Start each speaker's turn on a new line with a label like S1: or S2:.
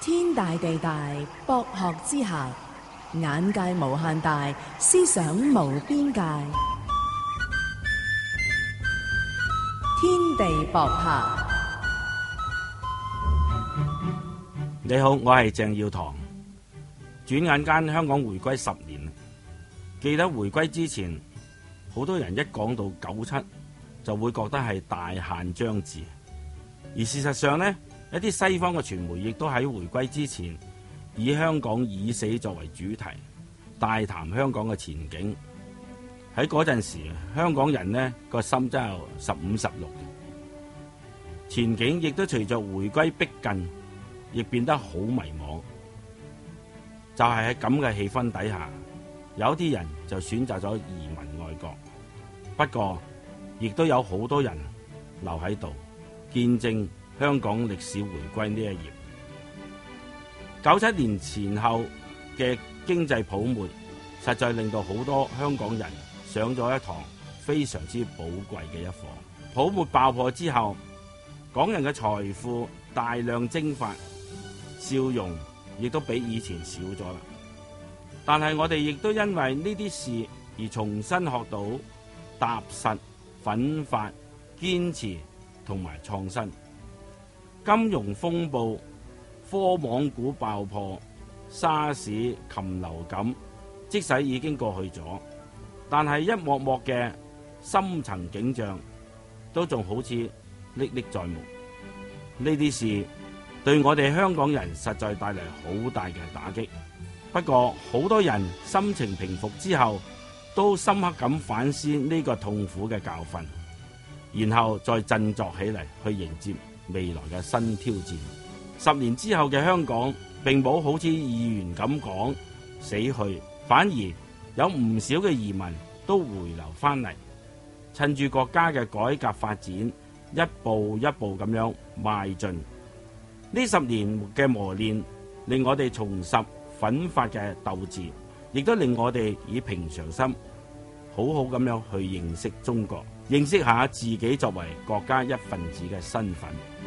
S1: 天大地大，博學之下，眼界無限大，思想無邊界。天地博客，你好，我係鄭耀棠。轉眼間香港回歸十年，記得回歸之前，好多人一講到九七，就會覺得係大限將至，而事實上呢。一啲西方嘅傳媒亦都喺回歸之前，以香港已死作為主題，大談香港嘅前景。喺嗰陣時，香港人呢個心真係十五十六。前景亦都隨住回歸逼近，亦變得好迷茫。就係喺咁嘅氣氛底下，有啲人就選擇咗移民外國。不過，亦都有好多人留喺度，見證。香港歷史回歸呢一頁，九七年前後嘅經濟泡沫，實在令到好多香港人上咗一堂非常之寶貴嘅一課。泡沫爆破之後，港人嘅財富大量蒸發，笑容亦都比以前少咗啦。但係我哋亦都因為呢啲事而重新學到踏實、奮發、堅持同埋創新。金融風暴、科網股爆破、沙士、禽流感，即使已經過去咗，但係一幕幕嘅深層景象都仲好似歷歷在目。呢啲事對我哋香港人實在帶嚟好大嘅打擊。不過，好多人心情平復之後，都深刻咁反思呢個痛苦嘅教訓，然後再振作起嚟去迎接未來嘅新挑戰，十年之後嘅香港並冇好似議員咁講死去，反而有唔少嘅移民都回流翻嚟，趁住國家嘅改革發展，一步一步咁樣邁進。呢十年嘅磨練，令我哋重拾奮發嘅鬥志，亦都令我哋以平常心，好好咁樣去認識中國，認識下自己作為國家一份子嘅身份。